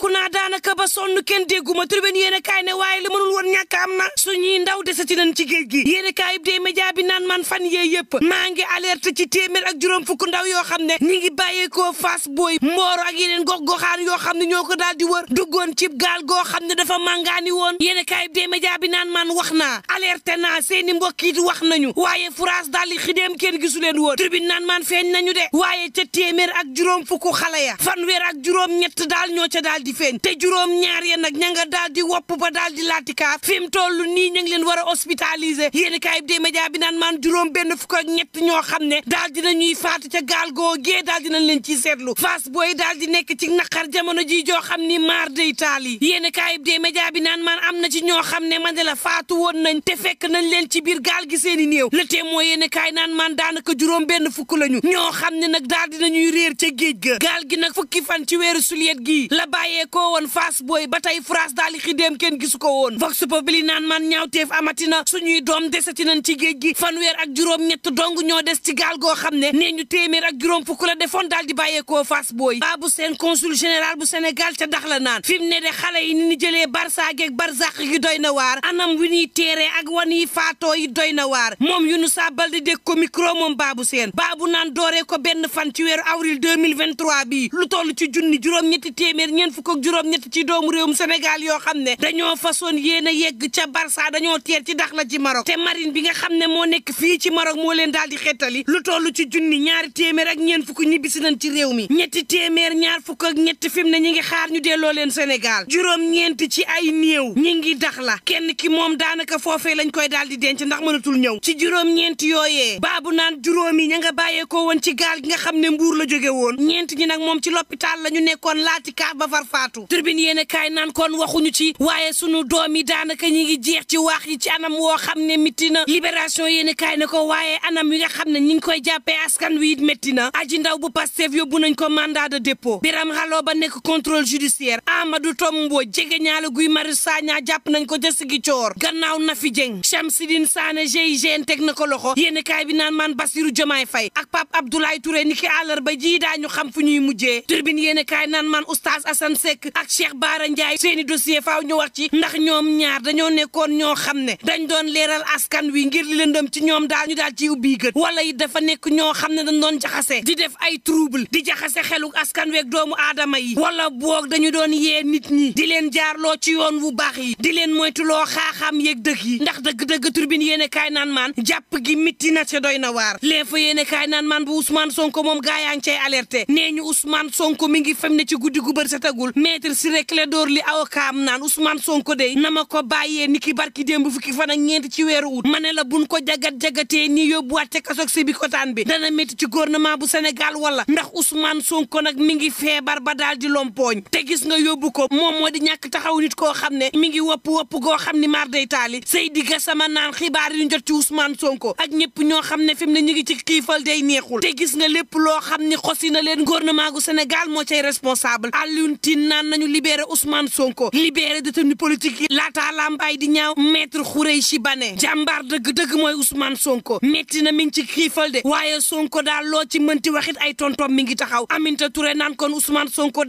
nemmeeku naa daanaka ba sonn kenn dégguma tribune yéen a ne waaye li mënul woon ñàkk am na suñuy ndaw de desati nañ ci géej gi yéen a kaay dee média bi naan man fan yee yëpp maa ngi alerte ci téeméer ak juróom fukk ndaw yoo xam ne ñi ngi bàyyeekoo Fass Boy Mboro ak yeneen gox goxaan yoo xam ne ñoo ko daal di wër duggoon cib gaal goo xam ne dafa màngaani woon yéen kaay bi média bi naan man wax naa alerte naa seeni mbokk it wax nañu waaye France daal di xidéem kenn gisu leen woon tribune naan man feeñ nañu de waaye ca téeméer ak juróom fukk xale ya fanweer ak ñett daal ñoo ca daal di di feeñ te juróom ñaar ya nag ña nga daal di wopp ba daal di laatikaaf fi mu toll nii ñu ngi leen war a hospitaliser yéen i bi dee média bi naan maan juróom benn fukk ak ñett ñoo xam ne daal dinañuy faatu ca gaal googee daal dinañ leen ciy seetlu fas booy daal di nekk ci naqar jamono ji joo xam ni maar day taal yi yéen i kaay bi bi naan maan am na ci ñoo xam ne man de la faatu woon nañ te fekk nañ leen ci biir gaal gi seen i néew le témoin yéen i kaay naan maan daanaka juróom benn fukk lañu ñoo xam ne nag daal dinañuy réer ca géej ga gaal gi nag fukki fan ci weer suliet gi la bàyyee bàyyeekoo woon Fass booy ba tey France daal di xidéem kenn gisu ko woon vox populi naan man ñaawteef amatina suñuy doom desati nañ ci géej gi fanweer ak juróom ñett dong ñoo des ci gaal goo xam ne nee ñu téeméer ak juróom fukk la defoon daal di bàyyeekoo Fass booy baabu seen consul général bu Sénégal ca dax la naan fi mu ne de xale yi ni ñu jëlee Barça geeg Barzak gi doy na waar anam wi ñuy teere ak wan yi faatoo yi doy na waar moom Younoussa Baldé dégg ko micro moom baabu seen baabu naan dooree ko benn fan ci weeru avril 2023 bi lu toll ci junni juróom téeméer ñeent fukk ko juróom-ñett ci doomu réewum Sénégal yoo xam ne dañoo façon yéen a yegg ca Barça dañoo teer ci la ci Maroc te marin bi nga xam ne moo nekk fii ci Maroc moo leen daal di xettali lu toll ci junni ñaari téeméer ak ñeent fukk ñibbisi nañ ci réew mi ñetti téeméer ñaar fukk ak ñetti fi mu ne ñi ngi xaar ñu delloo leen Sénégal juróom-ñeent ci ay néew ñi ngi dax la kenn ki moom daanaka foofee lañ koy daal di denc ndax mënatul ñëw ci juróom-ñeent yooyee baabu naan juróomi ña nga bàyyeekoo woon ci gaal gi nga xam ne mbuur la jóge woon ñeent ñi nag moom ci l'hôpital la ñu nekkoon laati ba faatu tribune yéen a kaay naan kon waxuñu ci waaye sunu doom yi daanaka ñi ngi jeex ci waax yi ci anam woo xam ne métti na libération yéen a kaay ne ko waaye anam wi nga xam ne ñi ngi koy jàppee askan wi it métti na aji ndaw bu Pastef yóbbu nañ ko mandat de dépôt biram xaloo ba nekk contrôle judiciaire Amadou Tom Mbodj jege ñaale Guy Marius Sagna jàpp nañ ko ca Ziguinchor gannaaw Nafi Dieng Chamsidine Sané GIGN teg na ko loxo yéeni kaay bi naan maan Bassirou Diomaye Faye ak Pape Abdoulaye Touré ni ki àllarba ji daañu xam fu ñuy mujjee Tribune yéeni kaay naan maan Oustaz Assane Seck ak Cheikh Bara Ndiaye seeni dossier faaw ñu wax ci ndax ñoom ñaar dañoo nekkoon ñoo xam ne dañ doon leeral askan wi ngir li ci ñoom daal ñu daal ci ubbi gët wala it dafa nekk ñoo xam ne dañ doon jaxase di def ay trouble di jaxase xelu askan week doomu aadama yi wala boog dañu doon yee nit ñi di leen jaarloo ci yoon wu baax yi di leen moytuloo xaaxaam yeeg dëkk yi ndax dëgg-dëgg turbine yéen kaay naan maan jàpp gi mitti na ca doy na waar leen fa yéen kaay naan maan bu Ousmane Sonko moom gaa yaa ngi cay alerté nee ñu Ousmane Sonko mi ngi fem ne ci guddi gu bër sa tagul maître Ciré Clédor Ly awokaam naan Ousmane Sonko day na ma ko bàyyee ni ki barki démb fukki fan ak ñeent ci weer ut ma ne la buñ ko jagat-jagatee nii yóbbuwaat ca kasoog si bi kotaan bi dana métti ci gouvernement bu Sénégal wala ndax Ousmane Sonko nag mi ngi feebar ba daal di lompooñ te gis nga yóbbu yóbbu ko moom moo di ñàkk taxaw nit koo xam ne mi ngi wopp wopp goo xam ni maar day taali Seydi Gassama naan xibaar yu jot ci Ousmane Sonko ak ñëpp ñoo xam ne fi mu ne ñu ngi ci kiifal day neexul te gis nga lépp loo xam ni xosi na leen gouvernement gu Sénégal moo cay responsable Alioune Tine naan nañu libéré Ousmane Sonko libéré détenu politique yi laataa lambaay di ñaaw maître Khoureychi Bane jàmbaar dëgg-dëgg mooy Ousmane Sonko metti na mi ngi ci xiifal de waaye Sonko daal loo ci mënti waxit ay tontom mi ngi taxaw Aminata Touré naan kon Ousmane Sonko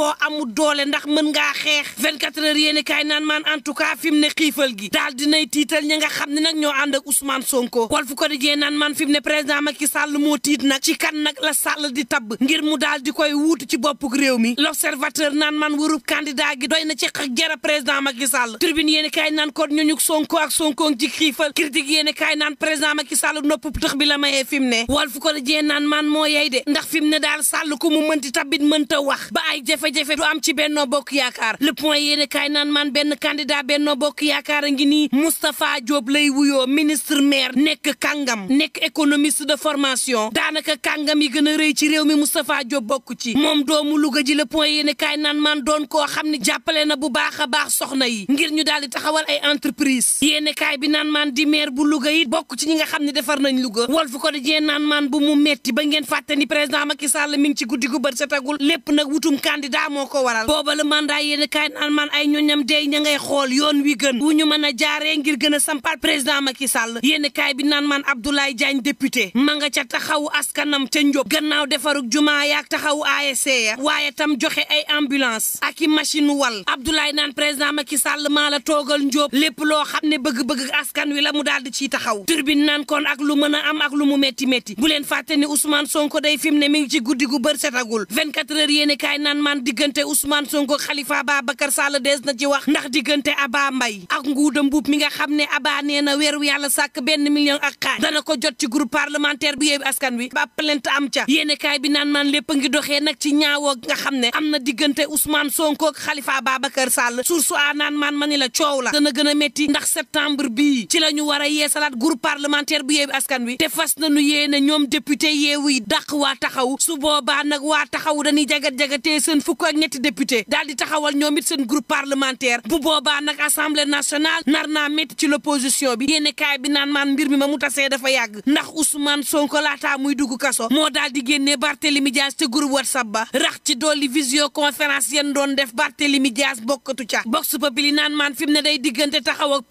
boo amul doole ndax mën ngaa xeex 24 heures yéen kaay naan maan en tout cas fi mu ne xiifal gi daal dinay tiital ñi nga xam ne nag ñoo ànd ak Ousmane Sonko Walf Quotidien naan maan fi mu ne président Macky Sall moo tiit nag ci kan nag la Sall di tabb ngir mu daal di koy wuutu ci boppuk réew mi l'observateur naan maan wërub candidat gi doy na ci xëj jara président Macky Sall tribune yéen kaay naan kon ñooñu Sonko ak Sonko ci xiifal critique yéen kaay naan président Macky Sall nopp tëx bi la mayee fi mu ne Walf naan maan moo yey de ndax fi ne daal Sall ku mu mënti tabbit mënta wax ba ay jafe jafe-jafe am ci Benno Bokk Yaakaar le point yéene kaay naan man benn candidat Benno Bokk Yaakaar a ngi nii Moustapha Diop lay wuyoo ministre maire nekk kàngam nekk économiste de formation daanaka kàngam yi gën a rëy ci réew mi Moustapha Diop bokk ci moom doomu Louga ji le point yéene kaay naan man doon koo xam ne jàppale na bu baax a baax soxna yi ngir ñu daal di taxawal ay entreprise yéene kaay bi naan man di maire bu Louga yi bokk ci ñi nga xam ne defar nañ Louga Walf Quotidien naan man mu metti ba ngeen fàtte ni président Macky Sall mi ngi ci guddi gu bër setagul lépp nag wutum candidat mandat moo ko waral booba la mandat yéen kaay naan man ay ñoñam dey ña ngay xool yoon wi gën wu ñu mën a jaaree ngir gën a sampaat président Macky Sall yéen bi naan man Abdoulaye Diagne député ma nga ca taxawu askanam ca njóg gannaaw defarug jumaa yaak taxawu ASC ya waaye tam joxe ay ambulance ak i machine wal Abdoulaye naan président Macky Sall maa la toogal njóob lépp loo xam ne bëgg-bëgg askan wi la mu daal di ciy taxaw turbine naan kon ak lu mën a am ak lu mu metti metti bu leen fàtte ni Ousmane Sonko day fi mu ne mi ngi ci guddi gu bër setagul 24 heures yéen kaay naan man naan diggante Ousmane Sonko Khalifa Ababacar Sall dees na ci wax ndax diggante Aba Mbaye ak Ngouda Mboup mi nga xam ne Aba nee na weeru yàlla sàkk benn million ak xaaj dana ko jot ci groupe parlementaire bu Yewwi Askan Wi ba plainte am ca yéene kaay bi naan maan lépp a ngi doxee nag ci ñaawoo nga xam ne am na diggante Ousmane Sonko ak Khalifa Ababacar Sall source a naan maan ma ni la coow la dana gën a métti ndax septembre bii ci la ñu war a yeesalaat groupe parlementaire bu Yewwi Askan Wi te fas nañu yéene ñoom député Yewwi dàq waa taxaw su boobaa nag waa taxaw dañuy jagat jagatee seen fukk ak ñetti député daal di taxawal ñoom it seen groupe parlementaire bu boobaa nag assemblée nationale nar naa métti ci l'opposition bi yéene kaay bi naan maan mbir mi ma mu tasee fa yàgg ndax Ousmane Sonko laata muy dugg kaso moo daal di génnee Barthélémy Dias ci groupe WhatsApp ba rax ci dolli visioconférence yéen doon def Barthélémy Dias bokkatu ca Vox Populi naan maan fi ne day diggante taxaw ak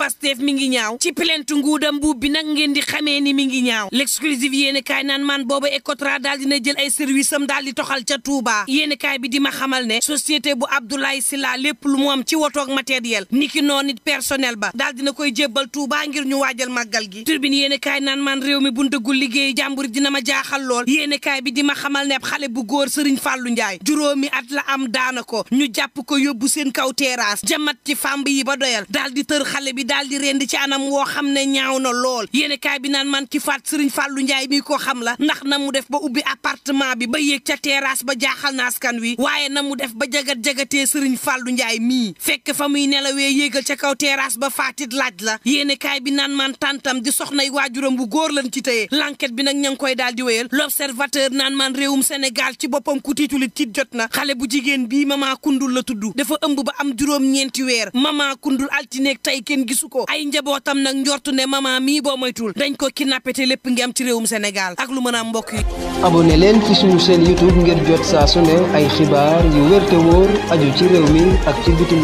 mi ngi ñaaw ci plainte nguudam buub bi nag ngeen di xamee ni mi ngi ñaaw l'exclusive yéene kaay naan maan booba Ecotra daal dina jël ay service am daal di toxal ca Touba yéene xamal ne société bu Abdoulaye Sylla lépp lu mu am ci wotoog matériel niki noonu it personnel ba daal dina koy jébbal Touba ngir ñu waajal màggal gi turbine yéen kaay naan man réew mi bu ndëggul liggéey jàmbur dina ma jaaxal lool yéen kaay bi di ma xamal ne xale bu góor sëriñ Fallou Ndiaye juróomi at la am daana ko ñu jàpp ko yóbbu seen kaw terrasse jamat ci fàmb yi ba doyal daal di tër xale bi daal di rend ci anam woo xam ne ñaaw na lool yéen kaay bi naan man ki faat sëriñ Fallou Ndiaye mi ko xam ndax na mu def ba ubbi appartement bi ba yéeg ca ba jaaxal na askan wi na mu def ba jagat jagatee sëriñ Fallou Ndiaye mii fekk fa muy nelawee yéegal ca kaw terrasse ba faatit laaj la yéene kaay bi naan man tàntam di soxnay waajuram bu góor lañ ci téye l'enquête bi nag ña ngi koy daal di wéyal l'observateur naan man réewum Sénégal ci boppam ku tiitulit ci jot na xale bu jigéen bii mama kundul la tuddu dafa ëmb ba am juróom-ñeenti weer mama kundul altineeg tey kenn gisu ko ay njabootam nag njortu ne mama mii boo moytul dañ ko kidnappé te lépp ngi am ci réewum Sénégal ak lu mën a mbokk yi abonné yu wér te wóor aju ci réew mi ak ci bitim